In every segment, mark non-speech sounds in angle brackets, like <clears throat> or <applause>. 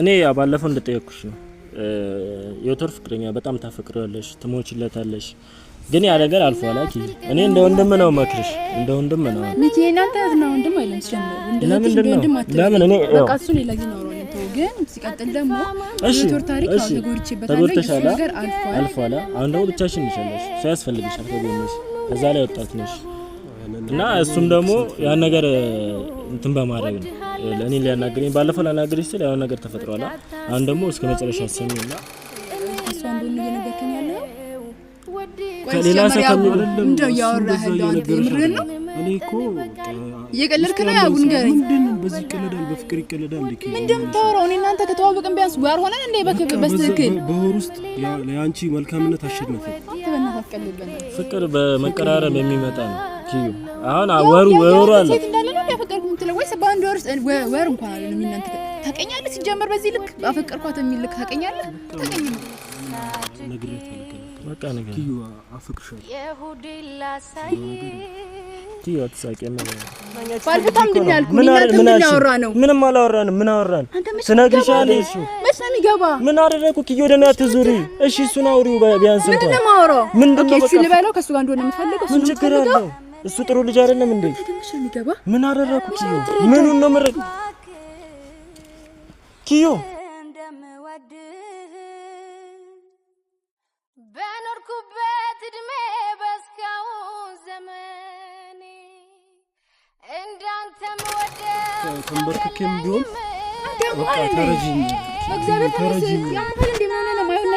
እኔ ያው ባለፈው እንደጠየቅኩሽ ነው የወተር ፍቅረኛ በጣም ታፈቅሪዋለሽ፣ ትሞችለታለሽ። ግን ያ ነገር አልፏል። አኪ እኔ እንደ ወንድም ነው መክርሽ፣ እንደ ወንድም ነው ልጅ እናንተ ነው ወንድም አይለም ሲጀምር እንደ ወንድም አትልም። ለምን እኔ በቃ እሱ ሌላ ጊዜ ነው ነው። ግን ሲቀጥል ደግሞ የወተር ታሪክ ነው ተጎድቼበታለሁ። ይሄ ነገር አልፏል፣ አልፏል። አሁን ደግሞ ብቻሽን ይሻለሽ፣ ሰው ያስፈልግሻል። ተጎድነሽ ከዛ ላይ ወጣት ነሽ እና እሱም ደግሞ ያን ነገር እንትን በማድረግ ነው ለእኔ ሊያናግረኝ ባለፈው ላናግረኝ ስል ያው ነገር ተፈጥሯል። አሁን ደግሞ እስከ መጨረሻ ሰሚና ከሌላ ሰው እንደው እኔ እኮ እየቀለድክ ነው። ምንድን በዚህ ይቀለዳል፣ በፍቅር ይቀለዳል። ምንድን እኔ እናንተ ከተዋወቅን ቢያንስ ጋር ሆነን በክብ በወር ውስጥ መልካምነት አሸነፈ። ፍቅር በመቀራረብ የሚመጣ ነው። አሁን ወሩ ወሩ አለ ከአንድ ወር ወር እንኳን አለ እናንተ ታቀኛለህ። ሲጀመር በዚህ ልክ አፈቀርኳት የሚል ልክ ታቀኛለህ። ምንም አላወራንም። ምን አወራን? ስነግርሻለሁ። ምን አትዙሪ። እሺ እሱን አውሪው ቢያንስ እንኳን ምንድን ነው የማወራው? ልበለው ከእሱ ጋር እንደሆነ ምን ችግር አለው? እሱ ጥሩ ልጅ አይደለም እንዴ? ምን አደረኩ ኪዮ? ምኑን ነው ምረ ኪዮ በኖርኩበት እድሜ በስካውን ዘመኔ እንዳንተም ወደ ተንበርክኬም ቢሆን ተረጅኝ ተረጅኝ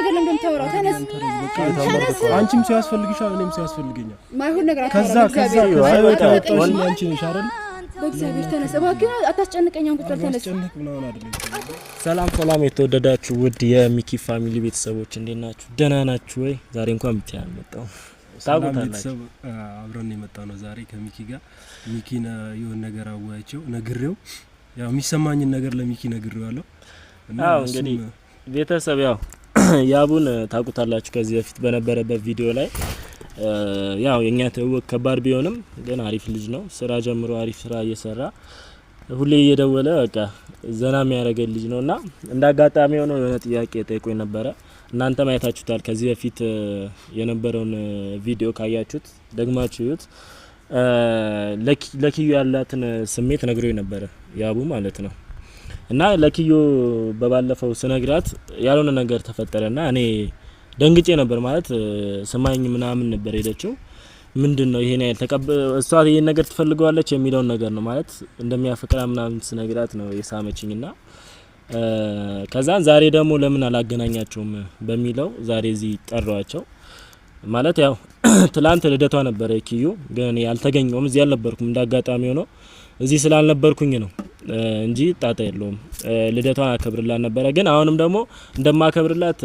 ነገር እንደምታወራው ታወራው? ተነስ ተነስ። አንቺም ሲያስፈልግሻል፣ እኔም ሲያስፈልገኛል። ማይሆን ነገር ከዛ ከዛ አይወጣ ወል አንቺ ነሽ አይደል? በእግዚአብሔር ተነስ እባክህ፣ አታስጨንቀኝ። ቁጥር ተነስ። ሰላም ሰላም፣ የተወደዳችሁ ውድ የሚኪ ፋሚሊ ቤተሰቦች እንዴት ናችሁ? ደህና ናችሁ ወይ? ዛሬ እንኳን ብቻ ያልመጣው ቤተሰብ አብረን የመጣ ነው ዛሬ ከሚኪ ጋር። ሚኪን የሆነ ነገር አወያቸው ነግሬው፣ ያው የሚሰማኝን ነገር ለሚኪ ነግሬዋለሁ። አዎ እንግዲህ ቤተሰብ ያው <coughs> ያቡን ታውቁታላችሁ። ከዚህ በፊት በነበረበት ቪዲዮ ላይ ያው የኛ ትውውቅ ከባድ ቢሆንም ግን አሪፍ ልጅ ነው። ስራ ጀምሮ አሪፍ ስራ እየሰራ ሁሌ እየደወለ በቃ ዘና የሚያደርገ ልጅ ነው እና እንደ አጋጣሚ ሆነው የሆነ ጥያቄ ጠይቆኝ ነበረ። እናንተ ማየታችሁታል ከዚህ በፊት የነበረውን ቪዲዮ ካያችሁት ደግማችሁ እዩት። ለኪዩ ያላትን ስሜት ነግሮኝ ነበረ ያቡ ማለት ነው እና ለኪዮ በባለፈው ስነግራት ያልሆነ ነገር ተፈጠረ ና እኔ ደንግጬ ነበር ማለት ስማኝ ምናምን ነበር ሄደችው ምንድን ነው ይሄን ያህል ተቀብ እሷ ይህን ነገር ትፈልገዋለች የሚለውን ነገር ነው ማለት እንደሚያፈቅራ ምናምን ስነግራት ነው የሳመችኝ ና ከዛን ዛሬ ደግሞ ለምን አላገናኛቸውም በሚለው ዛሬ እዚህ ጠሯቸው። ማለት ያው <clears throat> ትላንት ልደቷ ነበረ ኪዩ፣ ግን አልተገኘውም፣ እዚህ አልነበርኩም እንዳጋጣሚ ሆነው እዚህ ስላልነበርኩኝ ነው እንጂ ጣጣ የለውም። ልደቷን አከብርላት ነበረ፣ ግን አሁንም ደግሞ እንደማከብርላት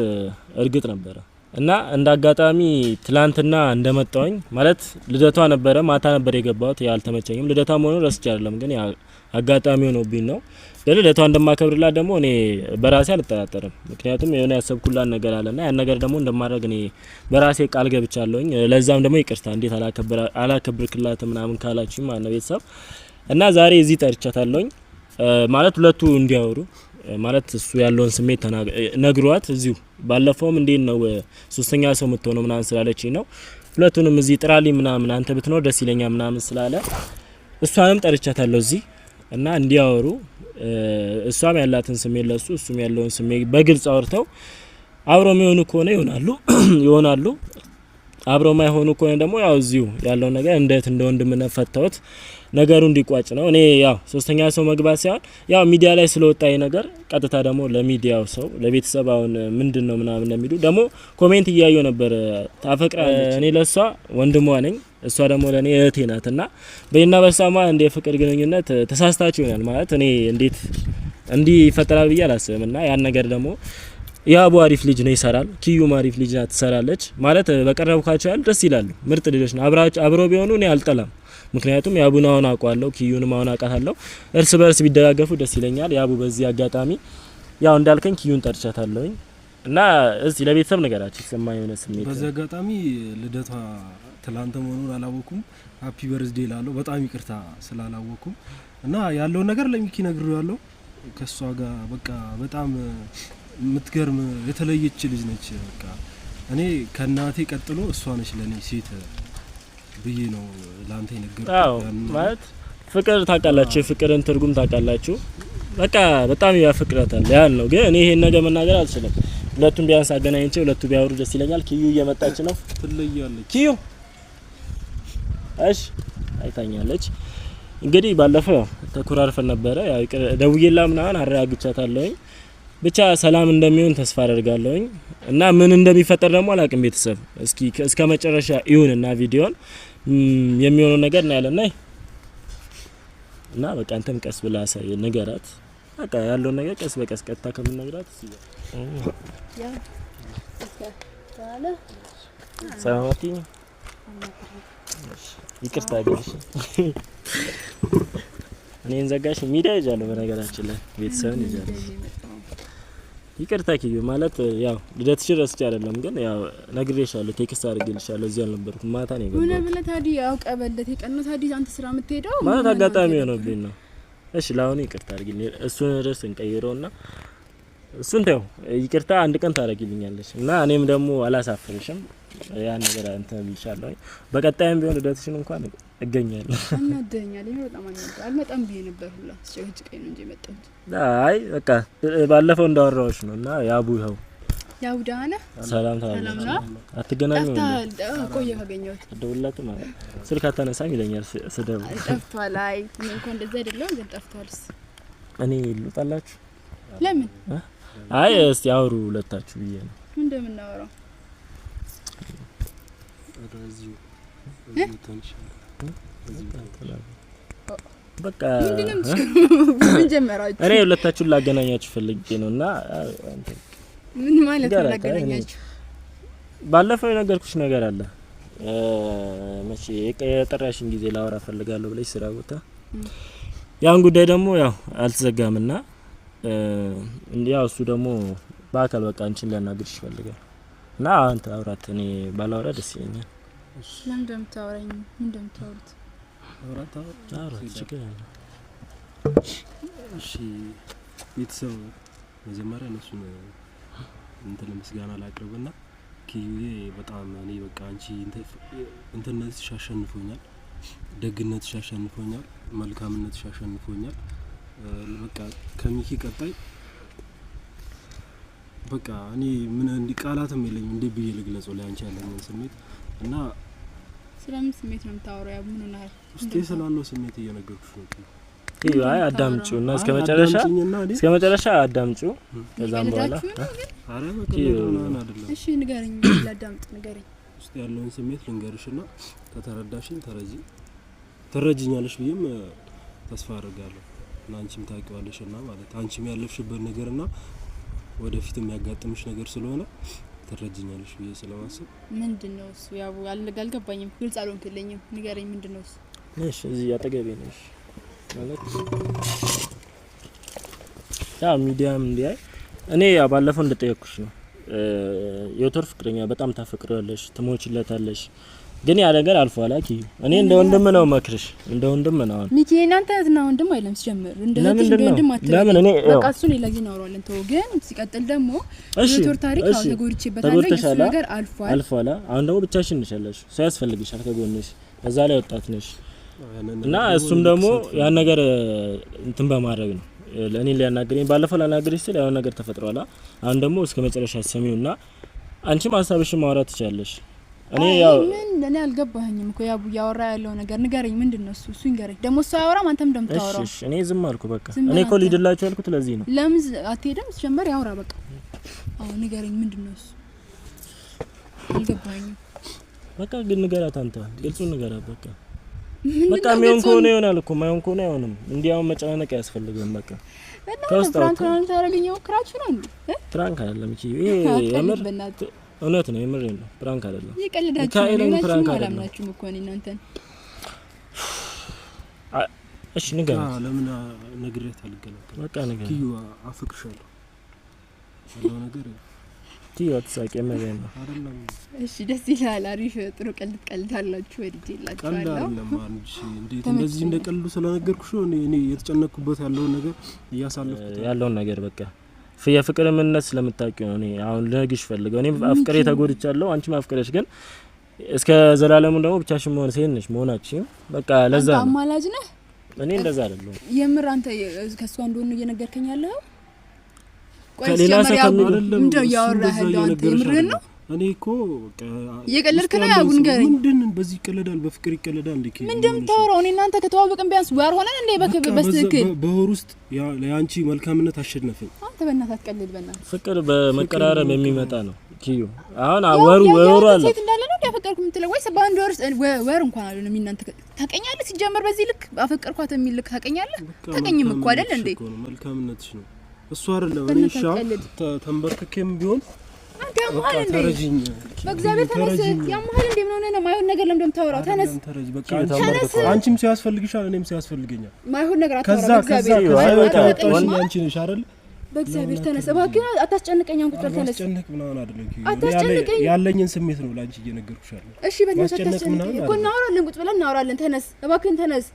እርግጥ ነበረ እና እንደ አጋጣሚ ትላንትና እንደመጣውኝ ማለት ልደቷ ነበረ፣ ማታ ነበር የገባሁት። ያልተመቸኝም ልደቷ መሆኑን ረስቼ አይደለም፣ ግን አጋጣሚ ሆኖብኝ ነው። ለልደቷ እንደማከብርላት ደግሞ እኔ በራሴ አልጠራጠርም። ምክንያቱም የሆነ ያሰብኩላት ነገር አለና ያን ነገር ደግሞ እንደማድረግ እኔ በራሴ ቃል ገብቻለሁኝ። ለዛም ደግሞ ይቅርታ እንዴት አላከብርክላት ምናምን ካላችሁ ማነው ቤተሰብ እና ዛሬ እዚህ ጠርቻታለሁኝ ማለት ሁለቱ እንዲያወሩ ማለት እሱ ያለውን ስሜት ነግሯት እዚሁ ባለፈውም እንዴት ነው ሶስተኛ ሰው የምትሆነው ምናምን ስላለች ነው ሁለቱንም እዚህ ጥራሊ ምናምን አንተ ብትኖር ደስ ይለኛ ምናምን ስላለ እሷንም ጠርቻታለሁ እዚህ እና እንዲያወሩ እሷም ያላትን ስሜት ለሱ እሱም ያለውን ስሜት በግልጽ አውርተው አብሮ የሚሆኑ ከሆነ ይሆናሉ <clears throat> ይሆናሉ አብሮ ማይሆኑ ከሆነ ደግሞ ያው እዚሁ ያለው ነገር እንዴት እንደ ወንድምነት ነገሩ እንዲቋጭ ነው። እኔ ያው ሶስተኛ ሰው መግባት ሳይሆን ያው ሚዲያ ላይ ስለወጣ ነገር ቀጥታ ደግሞ ለሚዲያው ሰው ለቤተሰብ አሁን ምንድን ነው ምናምን ለሚሉ ደግሞ ኮሜንት እያየው ነበር። ታፈቅራ እኔ ለእሷ ወንድሟ ነኝ፣ እሷ ደግሞ ለእኔ እህቴ ናት። እና በእና በሳማ እንደ የፍቅር ግንኙነት ተሳስታችሁ ይሆናል ማለት እኔ እንዴት እንዲህ ይፈጠራል ብዬ አላስብም። እና ያን ነገር ደግሞ የአቡ አሪፍ ልጅ ነው ይሰራል። ኪዩም አሪፍ ልጅ ናት ትሰራለች። ማለት በቀረብኳቸው ያህል ደስ ይላሉ። ምርጥ ልጆች ነው። አብረው ቢሆኑ እኔ አልጠላም። ምክንያቱም የአቡን አሁን አውቋለሁ፣ ኪዩንም አሁን አውቃታለሁ። እርስ በርስ ቢደጋገፉ ደስ ይለኛል። ያቡ በዚህ አጋጣሚ ያው እንዳልከኝ ኪዩን ጠርቻታለሁኝ እና እዚህ ለቤተሰብ ነገራችን ይሰማ የሆነ ስሜት በዚህ አጋጣሚ ልደቷ ትላንት መሆኑን አላወኩም። ሀፒ በርዝዴ ላለው በጣም ይቅርታ ስላላወኩም እና ያለውን ነገር ለሚኪ ነግሩ ያለው ከእሷ ጋር በቃ በጣም የምትገርም የተለየች ልጅ ነች። በቃ እኔ ከእናቴ ቀጥሎ እሷ ነች ለእኔ ሴት ብዬ ነው ለአንተ የነገርኩት። ማለት ፍቅር ታውቃላችሁ፣ ፍቅርን ትርጉም ታውቃላችሁ። በቃ በጣም ያፈቅራታል ያን ነው። ግን እኔ ይሄን ነገር መናገር አልችልም። ሁለቱም ቢያንስ አገናኝቼ ሁለቱ ቢያወሩ ደስ ይለኛል። ኪዩ እየመጣች ነው። ትለያለች ኪዩ። እሺ አይታኛለች። እንግዲህ ባለፈው ያው ተኮራርፈን ነበረ። ያው ደውዬላ ምናምን አረጋግቻታለሁኝ። ብቻ ሰላም እንደሚሆን ተስፋ አደርጋለሁኝ እና ምን እንደሚፈጠር ደግሞ አላቅም። ቤተሰብ እስኪ እስከ መጨረሻ ይሁንና ቪዲዮን የሚሆነው ነገር ነው ያለና እና በቃ አንተም ቀስ ብላ ንገራት። በቃ ያለውን ነገር ቀስ በቀስ ቀጥታ ከምንነግራት ይቅርታ ግሽ እኔን ዘጋሽ። ሚዲያ ይዣለሁ፣ በነገራችን ላይ ቤተሰብን ይዣለሁ። ይቅርታ ኪዩ ማለት ያው ልደትሽ ረስቼ አይደለም፣ ግን ያው ነግሬሻለሁ፣ ቴክስት አድርጌልሻለሁ። እዚህ አልነበርኩም፣ ማታ ነው የገባሁት። ምን ብለህ ታዲያ ያው በለት የቀነው ታዲያ አንተ ስራ የምትሄደው ማለት አጋጣሚ ሆኖብኝ ነው። እሺ ለአሁኑ ይቅርታ አድርጊልኝ። እሱን ርዕስ እንቀይረውና እሱን ተው ይቅርታ አንድ ቀን ታደርጊልኛለሽ እና እኔም ደግሞ አላሳፍርሽም። ያን ነገር እንትን ብልሻለሁ። በቀጣይም ቢሆን ልደትሽን እንኳን እገኛለሁ። እናደኛል ይሄ በጣም አልመጣም ብዬ ነበር ሁላ ቀይ ነው እንጂ የመጣሁት። አይ በቃ ባለፈው እንዳወራዎች ነው እና ያቡ ይኸው ያቡ ደህና ነህ? ሰላም ታላለህ? አትገናኙም? ቆየ ካገኘሁት ደውላቱ ማለት ስልክ አታነሳም ይለኛል ስደውል። ጠፍቷል። አይ እንኳን እንደዛ አይደለም ግን ጠፍቷልስ። እኔ ልውጣላችሁ ለምን አይ እስቲ አውሩ ሁለታችሁ ብዬ ነው። እንደምናወራው በቃ እኔ ሁለታችሁን ላገናኛችሁ ፈልጌ ነው እና ምን ማለት ነው ላገናኛችሁ? ባለፈው የነገርኩሽ ነገር አለ መቼ የጠራሽን ጊዜ ላወራ ፈልጋለሁ ብለሽ ስራ ቦታ ያን ጉዳይ ደግሞ ያው አልተዘጋምና ያው እሱ ደግሞ በአካል በቃ አንቺን ሊያናግርሽ ይፈልጋል እና አንተ አውራት፣ እኔ ባላውራ ደስ ይለኛል። ምን እንደምታወራኝ ምን እንደምታወሩት አውራት አውራት ችግር እሺ ቤተሰብ መጀመሪያ እነሱን እንትን ምስጋና ላቅርብና ኪዩዬ በጣም እኔ በቃ አንቺ እንትነትሽ አሸንፎኛል፣ ደግነትሽ አሸንፎኛል፣ መልካምነትሽ አሸንፎኛል። በቃ ከሚኪ ቀጣይ በቃ እኔ ምን እንዲ ቃላትም የለኝም እንዴ ብዬ ልግለጸው ላይ ያለኝን ስሜት እና ስለምን ስሜት ነው የምታወራው? ያው ምን ሆነሃል? ውስጤ ስላለው ስሜት እየነገርኩሽ ነው። አይ አዳምጪው እና እስከ መጨረሻ እስከ መጨረሻ አዳምጪው። ከዛም በኋላ አረ በቃ አይደለም። እሺ ንገረኝ፣ ላዳምጥ፣ ንገረኝ። ውስጥ ያለውን ስሜት ከተረዳሽኝ ተረጂ ትረጅኛለሽ ብዬም ተስፋ አድርጋለሁ። እና አንቺም ታውቂዋለሽ እና ማለት አንቺም ያለፍሽበት ነገር እና ወደፊት የሚያጋጥምሽ ነገር ስለሆነ ትረጅኛለሽ ብዬ ስለማስብ ምንድን ነው እሱ ያው አልገባኝም፣ ግልጽ አልሆንክልኝም። ንገረኝ፣ ምንድን ነው እሱ? እሺ፣ እዚህ አጠገቤ ነሽ ማለት ያ ሚዲያም እንዲያይ እኔ ያ ባለፈው እንደጠየቅኩሽ ነው የወትር ፍቅረኛ በጣም ታፈቅረዋለሽ፣ ትሞችለታለሽ ግን ያ ነገር አልፏል። አኪ እኔ እንደ ወንድም ነው መክርሽ፣ እንደ ወንድም ነው አሁን ሚኪ እናንተ ነው ወንድም አይለም ሲጀምር እንደ ወንድም አትልም። ለምን እኔ በቃ እሱ ሌላ ጊዜ እናወራዋለን። ተወው። ግን ሲቀጥል ደግሞ የቶር ታሪክ ያው ተጎድቼበታለሁ። የእሱ ነገር አልፏል አልፏል። አሁን ደግሞ ብቻሽን ነሽ ያለሽ፣ ሰው ያስፈልግሻል ከጎንሽ፣ በዛ ላይ ወጣት ነሽ እና እሱም ደግሞ ያን ነገር እንትን በማድረግ ነው ለእኔ ሊያናግረኝ ባለፈው ላናግረኝ ስል ያው ነገር ተፈጥሯል። አሁን ደግሞ እስከ መጨረሻ ሰሚውና አንቺም ሀሳብሽን ማውራት ትችላለሽ። እኔ ያው እኔ አልገባህኝም እኮ ያቡ እያወራ ያለው ነገር ንገረኝ። ምንድን ነው እሱ እሱ ይንገረኝ። ደግሞ እሱ አያወራም፣ አንተም እሺ እኔ ዝም አልኩ በቃ። እኔ እኮ ሊድላችሁ ያልኩት ለዚህ ነው። ለምን ሲጀመር ያወራ በቃ። አዎ ንገረኝ፣ ምንድን ነው እሱ? በቃ ግን ንገራት አንተ፣ ግልጹን ንገራት በቃ። በቃ የሚሆን ከሆነ ይሆናል እኮ የማይሆን ከሆነ አይሆንም። እንዲያውም መጨናነቅ አያስፈልግም በቃ ነው ታደርገኝ። ነው ፕራንክ አይደለም። ይሄ የምር እውነት ነው፣ የምሬ ነው። ፕራንክ አይደለም። የቀልዳችሁ ፕራንክ አላምናችሁም እኮ ነው እናንተ። እሺ ንገር። ለምን ነግሬያት አልገናገርም። በቃ ንገር። ኪዩ አፍቅርሻለሁ ያለው ነገር ኪዩ አትሳቂ። መገኝ ነው አይደለም። እሺ ደስ ይላል። አሪፍ ጥሩ ቀልድ ቀልድ አላችሁ። ወድጄላችሁ ቀልድ አይደለም። አንቺ እንዴት እንደዚህ እንደ ስለነገርኩሽ እኔ እኔ የተጨነቅኩበት ያለውን ነገር እያሳለፍኩት ያለውን ነገር በቃ የፍቅር ምንነት ስለምታውቂ ነው። እኔ አሁን ልነግሽ ፈልገው እኔ አፍቅሬ ተጎድቻለሁ፣ አንቺም አፍቅረሽ ግን እስከ ዘላለሙ ደግሞ ብቻሽን መሆን ሴት ነሽ መሆናችን በቃ ለዛ ነው። አማላጅ ነህ። እኔ እንደዛ አይደለሁም የምር። አንተ ከእሷ እንደሆነ እየነገርከኝ ያለኸው ከሌላ ሰው ከሚ አይደለም እንደው ያወራህ ነው። እኔ እኮ እየቀለድክ ነው። ያው ንገረኝ፣ ምንድን በዚህ ይቀለዳል? በፍቅር ይቀለዳል እንዴ? ምንድን የምታወራው? እኔ እናንተ ከተዋወቅን ቢያንስ ወር ሆነን እንዴ? በክብ በስትክክል በወር ውስጥ የአንቺ መልካምነት አሸነፈኝ። አንተ በእናትህ አትቀልድ፣ በእናትህ ፍቅር በመቀራረብ የሚመጣ ነው። ኪዩ አሁን ወሩ ወሩ አለ ሴት እንዳለ ነው ያፈቀርኩ የምትለው ወይስ በአንድ ወር ወር እንኳን አለ ነው እናንተ ታቀኛለህ? ሲጀመር በዚህ ልክ አፈቀርኳት የሚል ልክ ታቀኛለህ? ታቀኝም እኮ አይደል እንዴ? መልካምነትሽ ነው እሱ አይደለም። እኔ ሻ ተንበርክኬም ቢሆን ያማል ማይሆን ነገር ለምን እንደምታወራው? ተነስ፣ ተነስ። አንቺም ሲያስፈልግሻል፣ እኔም ሲያስፈልገኛል። በእግዚአብሔር ተነስ እባክህ፣ አታስጨንቀኝ። አንኩት ተነስ። አታስጨንቅ ምናምን አይደለም፣ አታስጨንቀኝ። ያለኝን ስሜት ነው ለአንቺ እየነገርኩሽ ያለው። እሺ፣ በእናትህ አታስጨንቀኝ እኮ እናወራለን፣ ቁጭ ብለን እናወራለን። ተነስ እባክህን፣ ተነስ።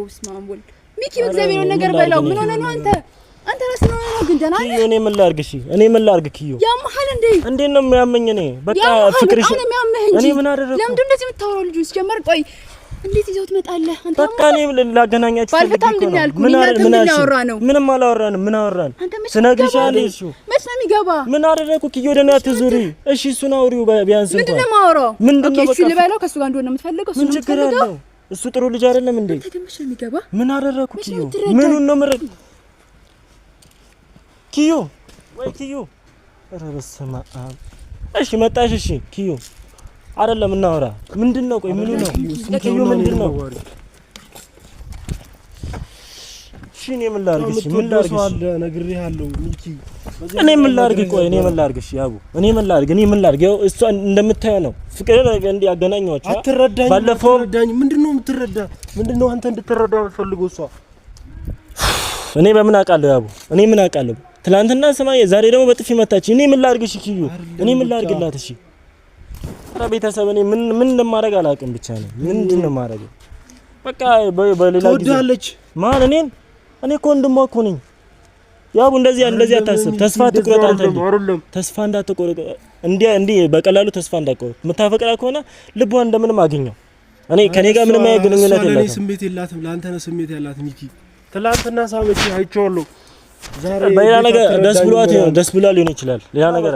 ኦስማን ወልድ ሚኪ፣ በእግዚአብሔር ነገር በላው። ምን ሆነህ ነው አንተ? አንተ ራስህ ነው ነው ግን ደህና ነህ? እኔ ምን ላድርግ? እሺ እኔ ምን ላድርግ? ኪዩ ያምሃል እንዴ? እንዴት ነው የሚያመኝ? እኔ በቃ ፍቅርሽ እኔ እንጂ እኔ ምን አደረኩ? ለምንድን እንደዚህ የምታወራው? ልጁ ሲጀመር ቆይ እንዴት ይዘው ትመጣለህ? አንተ በቃ እኔ ላገናኛችሁ ባልፈታም ያልኩ ምን ያልኩህ? ምን አወራ ነው? ምንም አላወራንም። ምን አወራን? ስነግርሽ እሺ መች ነው የሚገባ? ምን አደረኩ? ኪዩ ወደ እኔ እሺ። እሱን አውሪው ቢያንስ ምንድን ነው የማወራው? ምንድን ነው በቃ ልበለው? ከእሱ ጋር እንደሆነ የምትፈልገው እሱ ነው የምትፈልገው? እሱ ጥሩ ልጅ አይደለም እንዴ? ምን አደረኩ? ምኑን ነው የምረዳው? ኪዩ ወይ ኪዩ፣ ኧረ በስመ አብ። እሺ መጣሽ። እሺ ኪዩ አይደለም እናወራ። ምንድን ነው ቆይ፣ ምኑ ነው ኪዩ? ምንድን ነው? እሺ እኔ ምን ላድርግ? እሺ ምን ላድርግ? እኔ ምን ላድርግ? ቆይ እኔ ምን ላድርግ? እሺ ያቡ እኔ ምን ላድርግ? እኔ ምን ላድርግ? ያው እሷ እንደምታየው ነው ፍቅር እንዲ ያገናኘኋቸው። አትረዳኝ። ባለፈው ምንድን ነው የምትረዳ? ምንድን ነው አንተ እንድትረዳ የምትፈልገው እሷ? እኔ በምን አውቃለሁ? ያቡ እኔ ምን አውቃለሁ? ትላንትና ስማኝ፣ ዛሬ ደግሞ በጥፊ መታች። እኔ ምን ላድርግሽ ኪዩ? እኔ ምን ላድርግላት? እሺ ኧረ ቤተሰብ እኔ ምን ምን እንደማደርግ አላውቅም። ብቻ ነው ምንድን ነው የማደርገው? በቃ በሌላ ጊዜ ማን እኔን? እኔ እኮ ወንድሟ እኮ ነኝ። ያው እንደዚህ እንደዚህ አታስብ። ተስፋ አትቁረጥ አንተ እንጂ ተስፋ እንዳትቆረጥ እንዴ እንዴ በቀላሉ ተስፋ እንዳትቆረጥ። የምታፈቅራ ከሆነ ልቧ እንደምንም አገኘው። እኔ ከኔ ጋር ምንም አይገናኝነት የላትም። ስሜት የላትም። ለአንተ ነው ስሜት ያላት ሚኪ። ትላንትና ሳመች አይቼዋለሁ በሌላ ነገር ደስ ብሏት ይሆን ደስ ብሏ ሊሆን ይችላል። ሌላ ነገር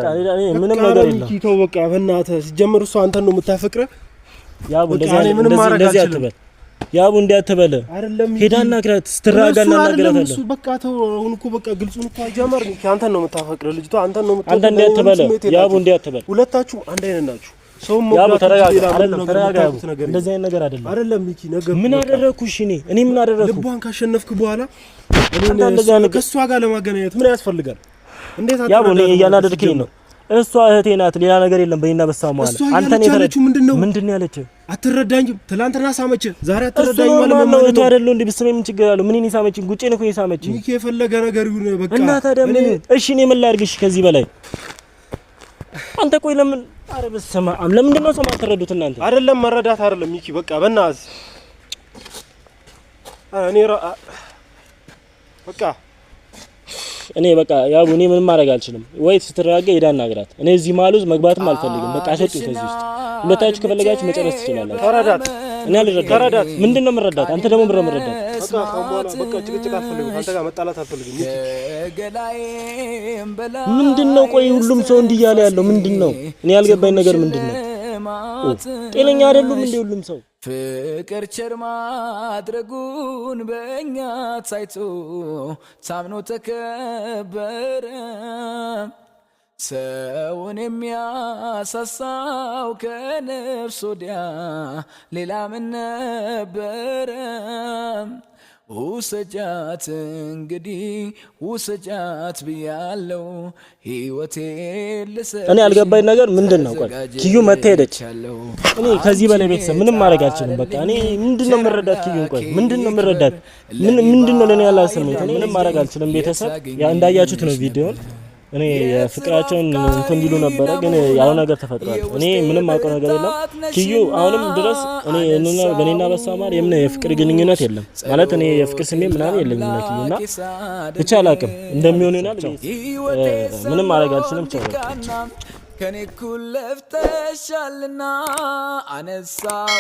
ምንም ነገር የለም። ተው በቃ በእናትህ። ሲጀምር እሷ አንተን ነው የምታፈቅረህ። ያቡ እንደዚህ አትበል። ያቡ እንዲህ አትበል። ሄዳ አናግራት፣ ስትራጋ እናናግራታለን። እሱ በቃ ተው። አሁን እኮ በቃ ግልጹን እኮ ጀመር። አንተን ነው የምታፈቅረህ ልጅቷ፣ አንተን ነው የምታፈቅረህ። አንተ እንዲህ አትበል ያቡ፣ እንዲህ አትበል። ሁለታችሁ አንድ አይነት ናችሁ። ያቡ ተረጋጋ። አይደለም ተረጋጋ ያቡ፣ እንደዚህ አይነት ነገር አይደለም። አይደለም ሚኪ፣ ነገር ምን አደረኩሽ እኔ? እኔ ምን አደረኩ? ልቧን ካሸነፍክ በኋላ እሷ ጋር ለማገናኘት ምን ያስፈልጋል? እንዴት እያናደድክኝ ነው? እሷ እህቴ ናት፣ ሌላ ነገር የለም። በእኔና በሷ ማለት አንተ ነው ያለችው። አትረዳኝም። ትላንትና ሳመች፣ ዛሬ አትረዳኝ ማለት ምን ችግር አለው? ምን እኔ ሳመችኝ፣ ጉጬን እኮ የሳመችኝ። ይሄ የፈለገ ነገር ይሁን በቃ። እና ታዲያ ምን? እሺ እኔ ምን ላድርግሽ ከዚህ በላይ አንተ ቆይ ለምን አረ በስመ አብ ለምንድን ነው ሰው ማትረዱት እናንተ? አይደለም መረዳት አይደለም ሚኪ፣ በቃ በእናትህ እኔ በቃ እኔ በቃ ያው እኔ ምንም ማድረግ አልችልም። ወይ ስትረጋጋ ሄዳ እናግራት። እኔ እዚህ ማሉዝ መግባትም አልፈልግም። በቃ ሰጡ ከዚህ ውስጥ ሁለታችሁ ከፈለጋችሁ መጨረስ ትችላላችሁ። ተረዳት። እኔ አልረዳት። ተረዳት። ምንድን ነው የምረዳት? አንተ ደግሞ ምረ ምረዳት። ምንድን ነው ቆይ፣ ሁሉም ሰው እንዲያለ ያለው ምንድን ነው? እኔ ያልገባኝ ነገር ምንድን ነው? ጤነኛ አይደሉም እንዴ ሁሉም ሰው? ፍቅር ቸር ማድረጉን በእኛ ታይቶ ታምኖ ተከበረ። ሰውን የሚያሳሳው ከነፍስ ወዲያ ሌላ ምን ነበረ? ውሰጃት እንግዲህ ውሰጃት ብያለው ህይወቴ ልሰ እኔ ያልገባኝ ነገር ምንድን ነው? ቆይ ኪዩ መታ ሄደች። እኔ ከዚህ በላይ ቤተሰብ ምንም ማድረግ አልችልም። በቃ እኔ ምንድን ነው የምረዳት ኪዩን? ቆይ ምንድን ነው የምረዳት? ምንድን ነው ለእኔ ያላት ስሜት? ምንም ማድረግ አልችልም። ቤተሰብ እንዳያችሁት ነው ቪዲዮን እኔ ፍቅራቸውን እንትን ቢሉ ነበረ፣ ግን ያለው ነገር ተፈጥሯል። እኔ ምንም አውቀው ነገር የለም። ኪዩ አሁንም ድረስ እኔ በእኔና በሷ መሀል የምን የፍቅር ግንኙነት የለም ማለት እኔ የፍቅር ስሜ ምናምን የለኝም። እና ብቻ አላውቅም እንደሚሆን ይሆናል። ምንም ማድረግ አልችልም። ብቻ ከኔ እኩል ለፍተሻልና አነሳው